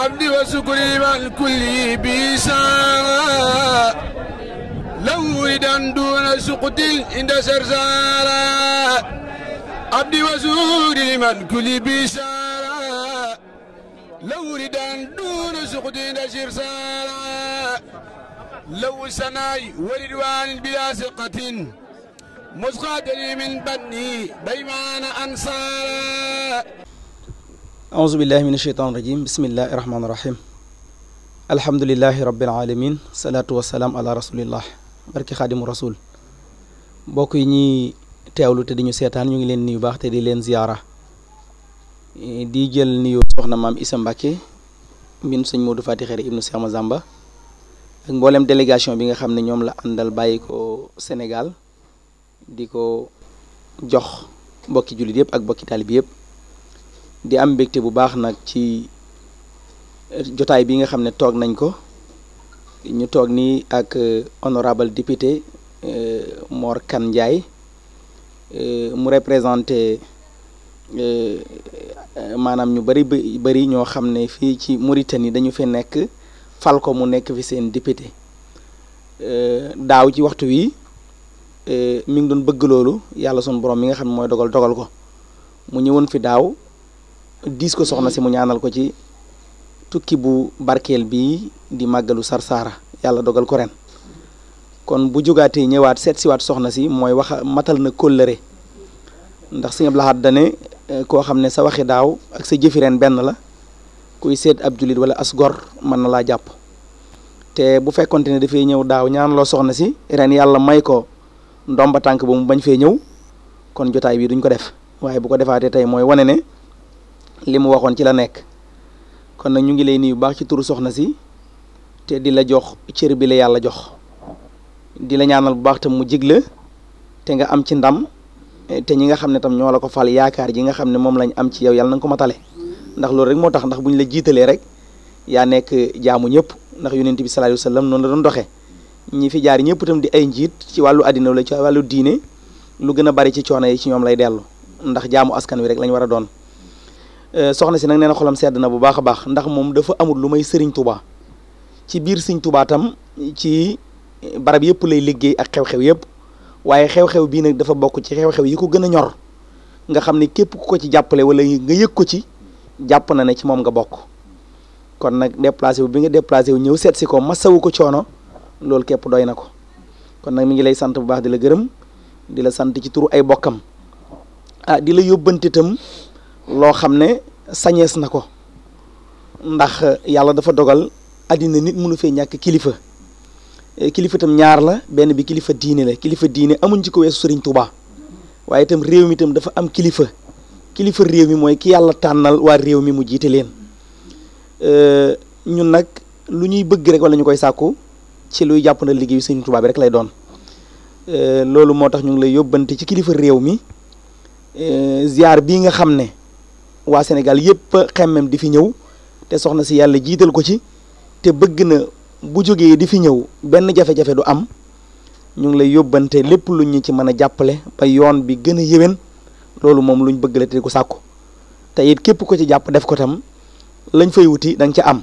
الحمد وشكري مع الكل بيسارا لو إذن دون سقط عند سرسارا عبد وشكري مع الكل بيسارا لو إذن دون سقط عند سرسارا لو سناي وردوان بلا سقط مسقط من بني بيمان أنصارا aousubillahi min asheytaan irajim bismillahi irahmaan irahim alhamdulilahi rabbil alamin salaatu wasalaam ala rasulillah barki xaadimu rasul mbokk yi ñi teewlu te di ñu seetaan ñu ngi leen nuyu baax te di leen ziyaara di jël nuyu soxna maam Issa Mbacke min sëñ Modou Fati Xeere ibnu Cheikh Mazamba ak mboolem délégation bi nga xam ne ñoom la àndal bàyyi ko Sénégal di ko jox mbokki jullit yëpp ak mbokki taalibe yëpp di am mbégte bu baax nag ci jotaay bi nga xam ne toog nañ ko ñu toog nii ak euh, honorable député euh, Mor Kane Ndiaye euh, mu représenté maanaam ñu bari bari ñoo xam ne fii ci Mauritanie dañu fi nekk fal ko mu nekk fi seen député daaw ci waxtu wi mi ngi doon bëgg loolu yàlla sunu borom mi nga xam ne mooy dogal dogal ko mu ñëwoon fi daaw. diis ko soxna si mu ñaanal ko ci tukki bu barkeel bii di màggalu Sarsara yàlla dogal ko ren kon bu jógaatee ñëwaat seet siwaat soxna si mooy wax matal na kóllëre ndax Sëñ Abdou eh, koo xam ne sa waxi daaw ak sa jëfi benn la kuy seet ab jullit wala as gor mën na laa jàpp te bu fekkonte ne dafay ñëw daaw ñaan loo soxna si ren yàlla may ko ndomba tànk ba mu bañ fee ñëw kon jotaay bii duñ ko def waaye bu ko defaatee tey mooy wane ne li mu waxoon ci la nekk kon nag ñu ngi lay nuyu baax ci turu soxna si te di la jox cër bi la yàlla jox di la ñaanal bu baax tam mu jig la te nga am ci ndam te ñi nga xam ne tam ñoo la ko fal yaakaar ji nga xam ne moom lañ am ci yow yàlla na nga ko matale ndax loolu rek moo tax ndax bu ñu la jiitalee rek yaa nekk jaamu ñëpp ndax yonent bi sallallahu alayhi wasallam noonu la doon doxee ñi fi jaar ñëpp tam di ay njiit ci wàllu àddina la ci wàllu diine lu gën a bari ci coono yi ci ñoom lay dellu ndax jaamu askan wi rek lañ war a doon Euh, soxna si nag nee na xolam sedd na bu baax a baax ndax moom dafa amul lu may sëriñ tubaa ci biir sëriñ tubaa tam ci barab yëpp lay liggéey ak xew-xew yëpp waaye xew-xew bii nag dafa bokk ci xew-xew yi ko gën a ñor nga xam ne képp ku ko ci jàppale wala nga yëg ko ci jàpp na ne ci moom nga bokk kon nag déplacé wu bi nga déplacé wu ñëw seet si ko masawu ko coono loolu képp doy na ko kon nag mu ngi lay sant bu baax di la gërëm di la sant ci turu ay bokkam ah di la yóbbante tam loo xam ne sañees na ko ndax yàlla dafa dogal àddina nit mënu fee ñàkk kilifa eh, kilifa itam ñaar la benn bi kilifa diine la kilifa diine amuñ ci ko weesu Sëriñ Tuubaa waaye itam réew mi itam dafa am kilifa kilifa réew mi mooy ki yàlla tànnal waa réew mi mu jiite leen eh, ñun nag lu ñuy bëgg rek wala ñu koy sàkku ci luy jàpp na liggéeyu Sëriñ Tuubaa bi rek lay doon eh, loolu moo tax ñu ngi lay yóbbante ci kilifa réew mi ziar bii nga xam ne waa Sénégal yëpp xemmem di fi ñëw te soxna si yàlla jiital ko ci te bëgg na bu jógee di fi ñëw benn jafe-jafe du am ñu ngi lay yóbbante lépp lu ñu ci mën a jàppale ba yoon bi gën a yéwén loolu moom lu luñ bëgg la te di ko sàkku te it képp ko ci jàpp def ko tam lañ fay wuti danga nga ca am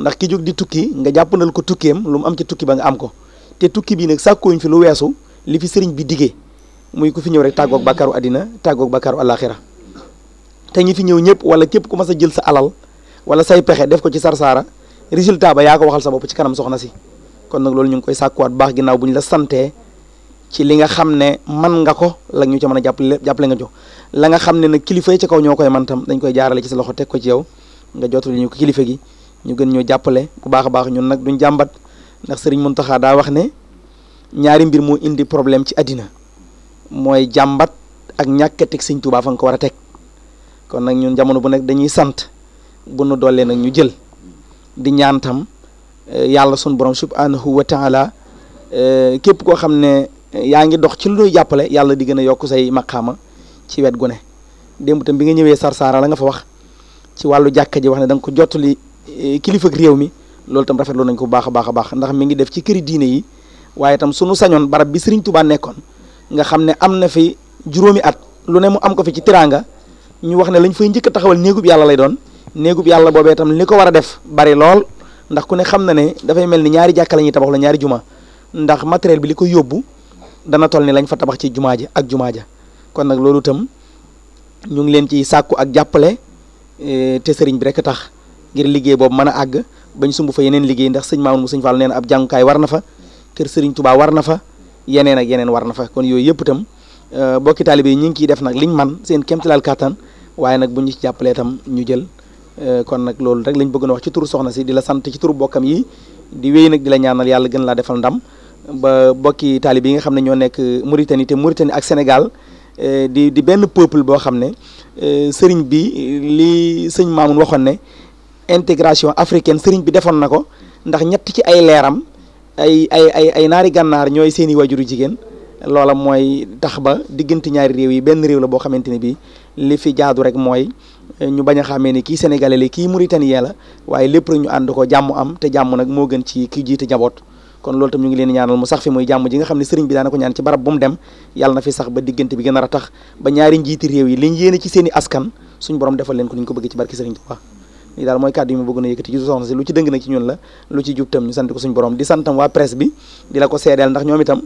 ndax ki jóg di tukki nga jàppandal ko tukkeem lu mu am ci tukki ba nga am ko te tukki bii nag sàkkooñ fi lu weesu li fi sëriñ bi digee muy ku fi ñëw rek tàggoog bàkkaaru àddina tàggoog bàkkaaru àllaaxira te ñi fi ñëw ñëpp wala képp ku mas a jël sa alal wala say pexe def ko ci sarsaara résultat ba yaa ko waxal sa bopp ci kanam soxna si kon nag loolu ñu ngi koy sàkkuwaat baax ginnaaw bu ñu la santee ci li nga xam ne man nga ko la ñu ca mën a jàppale jàppale nga jox la nga xam ne nag kilifa yi kaw ñoo koy man dañ koy jaarale ci sa loxo teg ko ci yow nga jottali ñu ko kilifa gi ñu gën ñoo jàppale bu baax a baax ñun nag duñ jàmbat ndax sëriñ taxaa daa wax ne ñaari mbir moo indi problème ci àddina mooy jàmbat ak ñàkk a teg sëñ Tuubaa fa nga ko war a teg kon nag ñun jamono bu nekk dañuy sant bu nu doolee nag ñu jël di ñaan tam eh, yàlla sunu borom subhanahu wa taala eh, képp koo xam ne yaa ngi dox ci lu nuy jàppale yàlla di gën a yokk say maqaama ci wet gu ne démb tam bi nga ñëwee Sarsara la nga fa wax ci wàllu jàkka ji wax ne danga ko jottali eh, kilifa réew mi loolu tam rafetlu nañ ko bu baax a baax a baax ndax mi ngi def ci këri diine yi waaye tam sunu sañoon barab bi Serigne Touba nekkoon nga xam ne am na fi juróomi at lu ne mu am ko fi ci teraanga ñu wax ne lañ fay njëkk a taxawal néegub yàlla lay doon néegub yàlla boobee tam li ko war a def bari lool ndax ku ne xam na ne dafay mel ni ñaari jàkka la ñuy tabax la ñaari juma ndax matériel bi li ko yóbbu dana toll ni lañ fa tabax ci jumaa ja ak jumaa ja kon nag loolu itam ñu ngi leen ci sàkku ak jàppale e, te sëriñ bi rek tax ngir liggéey boobu mën a àgg bañ sumb fa yeneen liggéey ndax sëñ Mamoun mu sëñ Fall nee na ab jàngukaay war na fa kër sëriñ Touba war na fa yeneen ak yeneen war na fa kon yooyu yëpp tam Euh, bokki taalibe yi ñu ngi ciy def nag liñ man seen kéemtalaal kàttan waaye nag bu ñu ci jàppalee itam ñu jël euh, kon nag loolu rek lañ bëgg na wax ci turu soxna si di la sant ci turu bokkam yi di wéy nag di la ñaanal yàlla gën laa defal ndam ba bokki taalibe yi nga xam ne ñoo nekk Mauritanie te Mauritanie ak Sénégal euh, di di benn peuple boo xam ne sëriñ bi li sëñ Maamun waxoon ne intégration africain sëriñ bi defoon na ko ndax ñett ci ay leeram ay ay ay ay naari gànnaar ñooy seeni wajuru jigéen loola mooy tax ba diggante ñaari réew yi benn réew la boo xamante ni bii li fi jaadu rek mooy eh, ñu bañ a xàmmee ni kii sénégalais la kii mauritanien la waaye lépp jàmm am te jàmm nag moo gën ci ki jiite njaboot kon loolu ngi leen ñaanal ñaan mu dem yàlla na fi sax ba diggante bi gën a ratax ba ñaari njiiti réew yi liñ yéene ci i askan suñu borom defal leen ko ni ñu ko bëgg ci barki sëriñ Tuubaa lii daal mooy kàddu yi ma bëgg na yëkkati ci soxna si lu ci dëng nag ci ñun la lu ci jub tam ñu sant ko suñu borom di santam waa presse bi di la ko seedeel ndax ñoom itam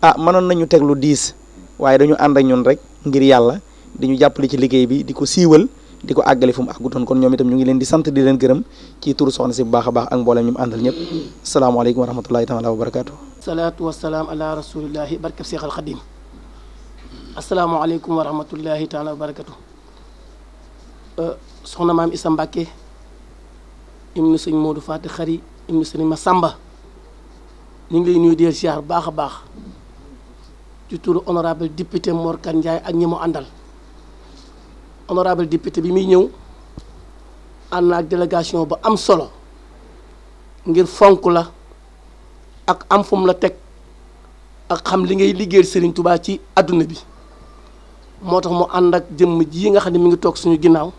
ah mënoon nañu teg lu diis waaye dañu ànd ak ñun rek ngir yàlla di ñu jàppale ci liggéey bi di ko siiwal di ko àggale fu mu àggutoon kon ñoom itam ñu ngi leen di sant di leen gërëm ci turu soxna si bu baax a baax ak mboolem ñu mu àndal ñëpp salaamaaleykum wa rahmatullahi taala wa barakaatu. salaatu wa salaam ala rasulillahi barkab Seex al Xadim asalaamaaleykum wa rahmatullahi taala wa barakaatu. Euh, soxna maam Issa Mbacke ibnu sëñ Modou Faty Khary ibnu ñu ngi lay nuyu di leen siyaar baax a baax. ci turu honorable député Mor Kane ak ñi mu àndal honorable député bi muy ñëw ànd na ak délégation ba am solo ngir fonk la ak am fu mu la teg ak xam li ngay liggéeyal sëriñ tubaab ci àdduna bi moo tax mu ànd ak jëmm ji nga xam ne mi ngi toog suñu ginnaaw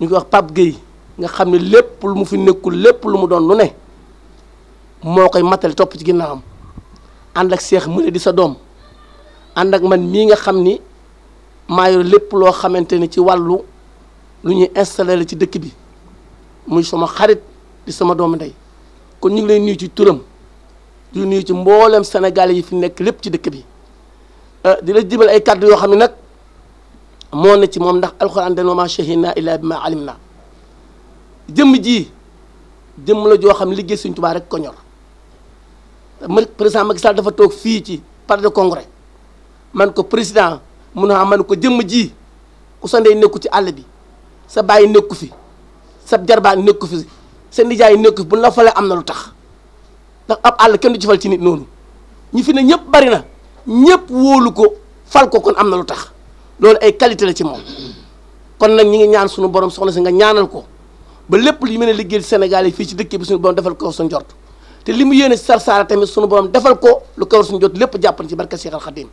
ñu koy wax Pape Gueye nga xam ne lépp lu mu fi nekkul lépp lu mu doon lu ne moo koy matale topp ci ginnaawam. ànd ak seex mu ne di sa doom ànd ak man mii nga xam ni maa yor lépp loo xamante ni ci wàllu lu ñuy installé la ci dëkk bi muy sama xarit di sama doom ndey kon ñu ngi lay nuyu ci turam di nuyu ci mboolem Sénégalais yi fi nekk lépp ci dëkk bi euh, di la jibal ay kàddu yoo xam ne nag moo ne ci moom ndax alxuraan dañoo ma shahidna illaa bi ma alim na jëmm ji jëmm la joo xam liggéey Sëñ Tuubaa rek koñor président Macky Sall dafa toog fii ci palais de congrès man ko président mun naa man ko jëmm ji ku sa ndey nekku ci àll bi sa bàyyi nekku fi sa jarbaa nekku fi sa nijaay nekku fi bu la falee am na lu tax ndax ab àll kenn du ci fal ci nit noonu ñi fi ne ñëpp bari na ñëpp wóolu ko fal ko kon am na lu tax loolu ay qualité la ci moom kon nag ñi ngi ñaan sunu borom soxna si nga ñaanal ko ba lépp li mën a liggéeyal Sénégal yi fii ci dëkk bi suñu borom defal ko suñu jort te li mu yéene Sarsara tamit sunu borom defal ko lu kawar suñu jot lépp jàppan ci barka Cheikh Al Khadim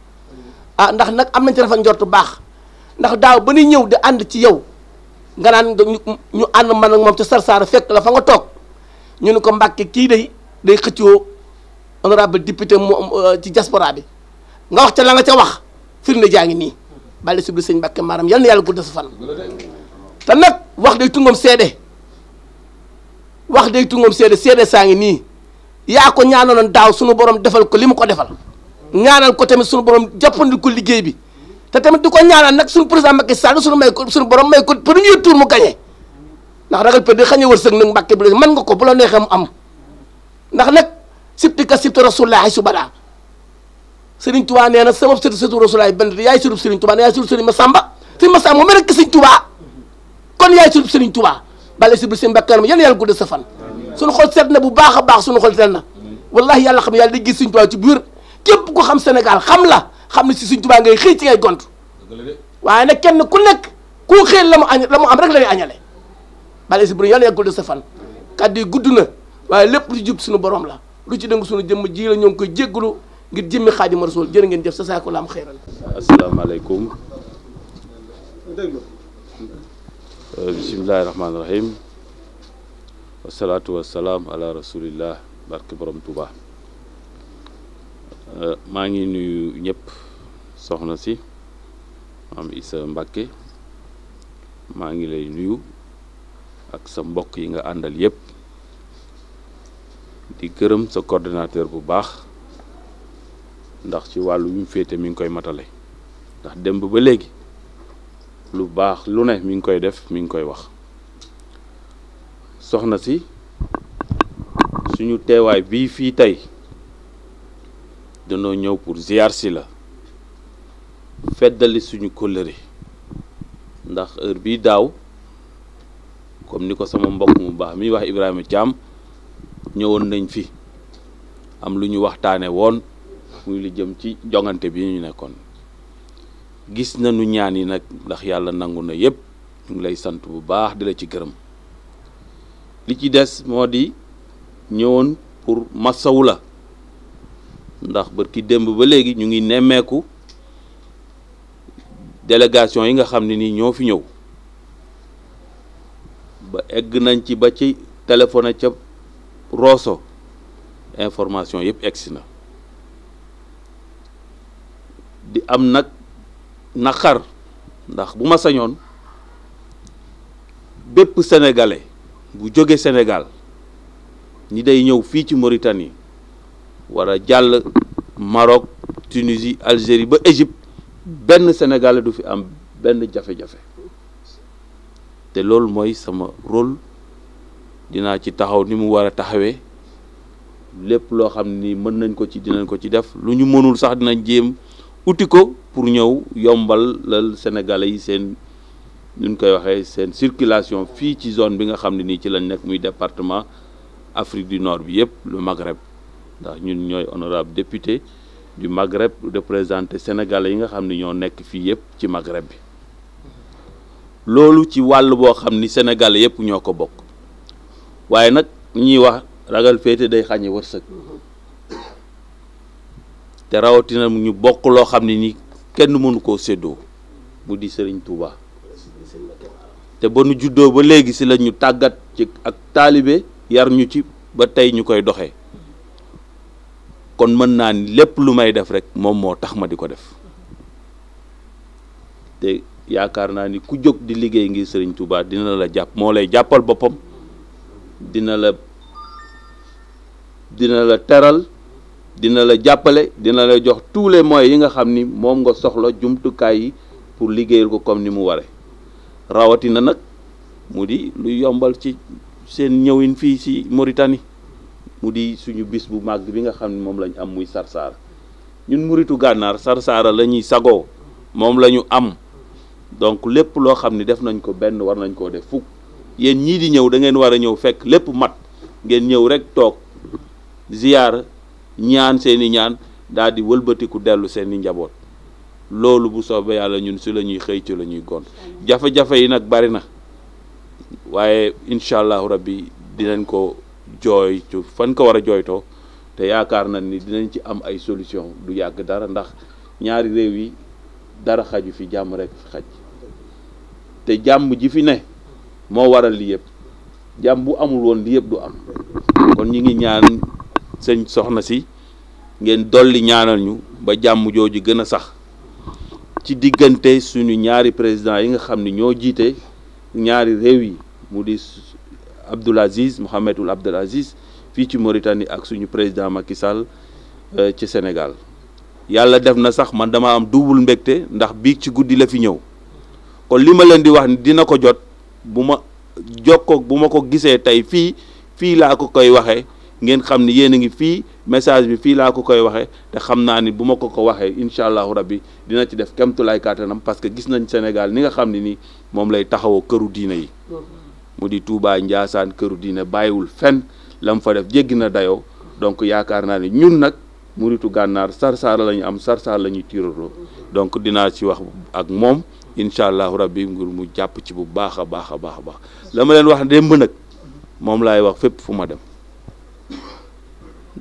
ah ndax nag am nañ ci rafet njortu baax ndax daaw ba ñuy ñëw di ànd ci yow nga naan ñu ànd man ak moom ca Sarsara fekk la fa nga toog ñu ne ko Mbàkke kii day day xëccoo honorable député moom euh, ci diaspora bi nga wax ca la nga ca wax firnde jaa ngi nii bàyyi subli sëñ Mbàkke maaram yal na yàlla guddal sa fan te nag wax day tungoom seede wax day tungoom seede seede saa ngi nii yaa ko ñaanaloon daaw sunu borom defal ko li mu ko defal ñaanal ko tamit sunu borom jàppandil ko liggéey bi te tamit di ko ñaanal nag sunu président Macky Sall sunu may ko sunu borom may ko premier tour mu gagné ndax ragal peut être xañ a wërsëg nag Mbàkke bi mën nga ko bu la neexee mu am ndax nag sibti ka sibti rasulullaahi su badaa Sëriñ Tuubaa nee na sama sëtu sëtu rasulullaahi benn yaay sëtu Sëriñ Tuubaa yaay sëtu Sëriñ Masamba Sëriñ Masamba mu rek Sëriñ Tuubaa kon yaay sëtu Sëriñ Tuubaa bale sibli seen bakkaar ma yéen yàlla gudd sa suñu xol seet na bu baax a baax suñu xol seet na wallahi yàlla xam yàlla day gis Sëriñ Tuubaa ci biir képp ko xam senegal xam la xam ne si Sëriñ Tuubaa ngay xëy ci gont waaye nag kenn ku nekk ku xëy la mu añ am rek la lay añale bale si buri yàlla yeggul de sa fan kàddu yi gudd na waaye lépp lu jub suñu borom la lu ci dëng suñu jëmm ji ñoo ngi koy jéggalu ngir jëmmi Xaadimu Rasuul jërë ngeen jëf sa saako la am xëyral asalaamaaleykum euh, bismillahi rahmaani rahim wasalaatu wasalaam ala rasulillah barke borom Touba euh, maa ngi nuyu ñëpp soxna si maam sa Mbàkke maa ngi lay nuyu ak sa mbokk yi nga àndal yëpp di gërëm sa coordonnateur bu baax ndax ci wàllu yu mu féete mi ngi koy matale ndax démb ba léegi lu baax lu ne mi ngi koy def mi ngi koy wax soxna si suñu teewaay bii fii tey danoo ñëw pour ziar si la feddali suñu kóllëre ndax heure bii daaw comme ni ko sama mbokk mu baax mi wax Ibrahima Thiam ñëwoon nañ fi am lu ñu waxtaane woon muy li jëm ci jongante bi ñu nekkoon gis nañu ñaan yi nag ndax yàlla nangu na yëpp ñu ngi lay sant bu baax di la ci gërëm li ci des moo di ñëwoon pour massawu la ndax bët ki démb ba léegi ñu ngi nemmeeku délégation yi nga xam ne nii ñoo fi ñëw ba egg nañ ci ba ci téléphone ca Rosso information yëpp eggsi na di am nag naqar ndax bu ma sañoon bépp sénégalais bu jóge Sénégal ni day ñëw fii ci Mauritanie war a jàll Maroc Tunisie Algérie ba Égypte benn Sénégalais du fi am benn jafe-jafe te loolu mooy sama rôle dinaa ci taxaw ni mu war a taxawee lépp loo xam ni mën nañ ko ci dinañ ko ci def lu ñu mënul sax dina jéem uti ko pour ñëw yombal lal Sénégalais yi seen ñun koy waxee seen circulation fii ci zone bi nga xam ne nii ci lañ nekk muy département Afrique du Nord bi yëpp le Maghreb ndax ñun ñooy honorable député du Maghreb représenté sénégalais yi nga xam ne ñoo nekk fii yëpp ci Maghreb bi loolu ci wàll boo xam ni sénégalais yëpp ñoo ko bokk waaye nag ñuy wax ragal féete day xàññe wërsëg te rawatina ñu bokk loo xam ne ni kenn mënu koo séddoo mu di Sëriñ Tuubaa te ba nu juddoo ba léegi si la ñu tàggat ci ak taalibe yar ñu ci ba tey ñu koy doxee kon mën naa ni lépp lu may def rek moom moo tax ma di ko def te yaakaar naa ni ku jóg di liggéey ngir Sëriñ Tuubaa dina la jàpp moo lay jàppal boppam dina la dina la teral dina la jàppale dina la jox tous les moyens yi nga xam ni moom nga soxla jumtukaay yi pour liggéeyal ko comme ni mu waree rawatina nag mu di lu yombal ci seen ñëwin fii ci Mauritanie mu di suñu bis bu màgg bi nga xam ne moom lañ am muy sarsaara ñun muritu gànnaar sarsaara la ñuy sagoo moom la ñu am donc lépp loo xam ne def nañ ko benn war nañ koo def fukk yéen ñii di ñëw da ngeen war a ñëw fekk lépp mat ngeen ñëw rek toog ziyaar ñaan seeni ñaan daal di wëlbatiku dellu seeni njaboot loolu bu soobee yàlla ñun si la ñuy xëy ci la ñuy gont jafe-jafe yi nag bari na waaye incha allahu rabbi dinañ ko jooytu fan ko war a jooytoo te yaakaar na ni dinañ ci am ay solution du yàgg dara ndax ñaari réew yi dara xaju fi jàmm rek fi xaj te jàmm ji fi ne moo waral li yëpp jàmm bu amul woon li yëpp du am kon ñi ngi ñaan sëñ soxna si ngeen dolli ñaanal ñu ba jàmm jooju gën a sax ci diggante suñu ñaari président yi nga xam ni ñoo jiite ñaari réew yi mu di Abdoul Aziz Mohamedou Abdoul Aziz fii ci Mauritanie ak suñu président Macky Sall euh, ci Sénégal yàlla def na sax man dama am double mbégte ndax bii ci guddi la fi ñëw kon li ma leen di wax ni dina ko jot bu ma jokkoo bu ma ko gisee tey fii fii laa ko koy waxee ngeen xam ni yéen a ngi fii message bi fii laa ko koy waxee te xam naa ni bu ma ko ko waxee incha allahu rabbi dina ci def kemtulaay kàttanam parce que gis nañ Sénégal ni nga xam ne nii moom lay taxawoo këru diine yi mu di Touba Ndiassane këru diine bàyyiwul fenn la mu fa def jéggi na dayoo donc yaakaar naa ni ñun nag muritu gànnaar sarsaar la ñu am sarsaar la ñuy tiiraroo donc dinaa ci wax ak moom incha allahu rabbi ngir mu jàpp ci bu baax a baax a baax a baax la ma leen wax démb nag moom laay wax fépp fu ma dem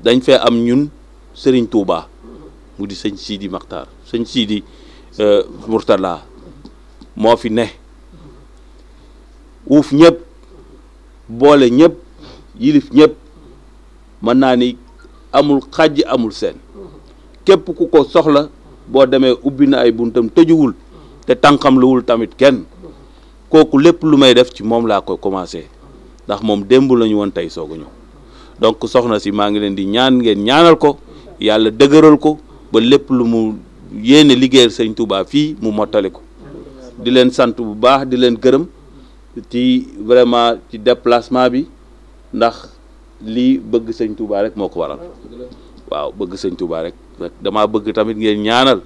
dañ fee am ñun sëriñ Touba mu di sëñ Sidi Maxtaar sëñ siidi euh, Mourtala moo fi ne uuf ñëpp boole ñëpp yilif ñëpp mën naa ni amul xàjj amul seen képp ku ko soxla boo demee ubbi na ay buntam tëjuwul te tànkam luwul tamit kenn kooku lépp lu may def ci moom laa koy commencé ndax moom démb lañu woon tey soog ñëw donc soxna si maa ngi leen di ñaan ngeen ñaanal ko yàlla dëgëral ko ba lépp lu mu yéene liggéeyal sañ Touba fii mu mottali ko di leen sant bu baax di leen gërëm ci vraiment ci déplacement bi ndax lii bëgg sëñ Touba rek moo ko waral waaw bëgg sëñ Touba rek damaa bëgg tamit ngeen ñaanal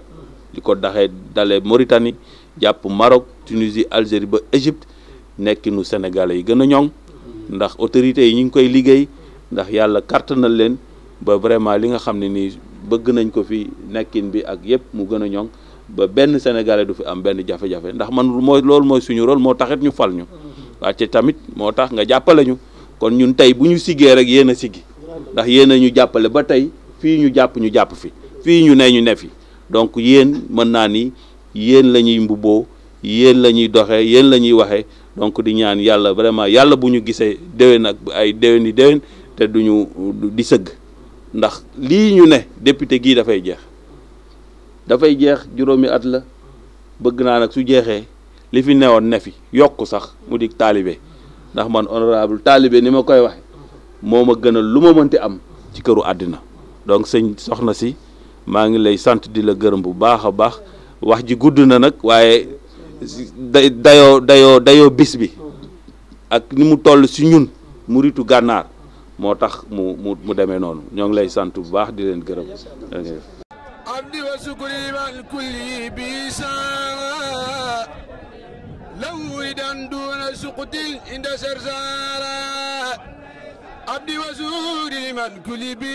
li ko daxee dalee Mauritanie jàpp Maroc Tunisie Algérie ba Égypte nekkinu nu yi gën a ñoŋ ndax autorités yi ñu ngi koy liggéey. ndax yàlla kàttanal leen ba vraiment li nga xam ne nii bëgg nañ ko fi nekkin bi ak yëpp mu gën a ñoŋ ba benn sénégalais du fi am benn jafe-jafe ndax man mooy loolu mooy suñu rôle moo taxit ñu fal ñu wàcce tamit moo tax nga jàppale ñu kon ñun tey bu ñu siggee rek yéen a siggi ndax yéen a ñu jàppale ba tey fii ñu jàpp ñu jàpp fi fii ñu ne ñu ne fi donc yéen mën naa ni yéen la ñuy mbubboo yéen la ñuy doxee yéen la ñuy waxee donc di ñaan yàlla vraiment yàlla bu ñu gisee déwén ak ay déwén yi te duñu di sëgg ndax lii ñu ne député gii dafay jeex dafay jeex juróomi at la bëgg naa nag su jeexee li fi neewoon ne fi yokk sax mu di taalibe ndax man honorable taalibe ni ma koy waxe moo ma gënal lu ma mënti am ci këru àddina donc sëñ soxna si maa ngi lay sant di la gërëm bu baax a baax wax ji gudd na nag waaye day dayoo dayoo dayoo bis bi ak ni mu toll si ñun muritu gànnaar moo tax mu mu mu demee noonu ñoo ngi lay sant bu baax di leen gërëm abdi wa sukuri mal kulli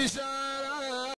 bi saara law